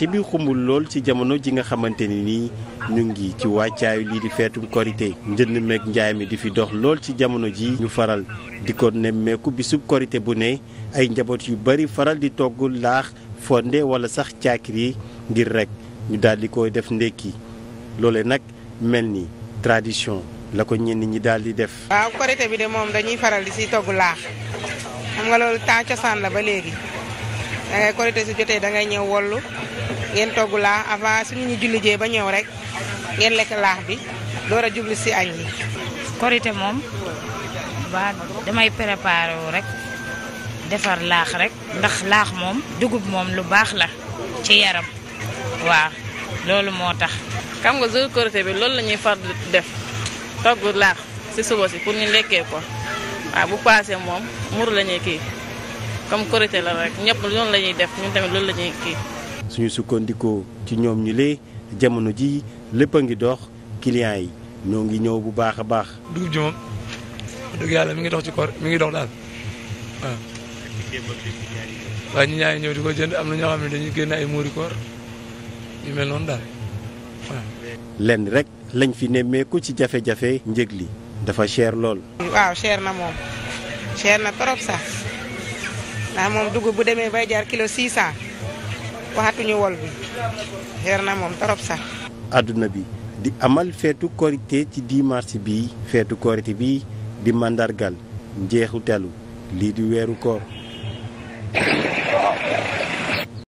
ci bi xumbul lool ci jamono ji nga xamante ni nii ñu ngi ci wàccaayu lii di feetum korité njënd meeg njaay mi di fi dox lool ci jamono ji ñu faral di ko nemmeeku bisub korité bu ne ay njaboot yu bari faral di togg laax fonde wala sax yi ngir rek ñu daal di koy def ndékki loole nag mel ni tradition la ko ñenn ñi daal di def. waaw korité bi de moom dañuy faral di si togg laax xam nga loolu temps cosaan la ba léegi. dangay korité su jotee dangay ñëw wollu ngeen togg laax avant su ñu julli jee ba ñëw rek ngeen lekk laax bi door a jublu si añ yi. korité moom ba damay préparé wu rek defar laax rek ndax laax moom dugub moom lu baax la ci yaram waaw loolu moo tax. xam nga jour korité bi loolu la ñuy far def togg laax si suba si pour ñu lekkee ko waaw bu paasee moom mur la ñuy kii. comme korité la rek ñëpp loolu la ñuy def ñun tamit loolu la kii. suñu sukkandikoo ci ñoom ñu lee jamono ji lépp a ngi dox clients yi ñoo ngi ñëw bu baax a baax. dugub ji moom dëgg yàlla mi ngi dox ci koor mi ngi dox daal waaw. ñëw ko jënd am na xam ne dañuy génn ay muuri yu mel noonu lenn rek lañ fi nemmeeku ci jafe-jafe njëg li dafa cher lool. waaw cher na moom cher na trop sax. ndax moom dugub bu demee bay jaar kilo 600 waxatuñu wol bi yer na moom torop sax. àdduna bi di amal feetu korité ci 10 mars bii feetu korité bii di màndargal njeexu telu lii di weeru koor.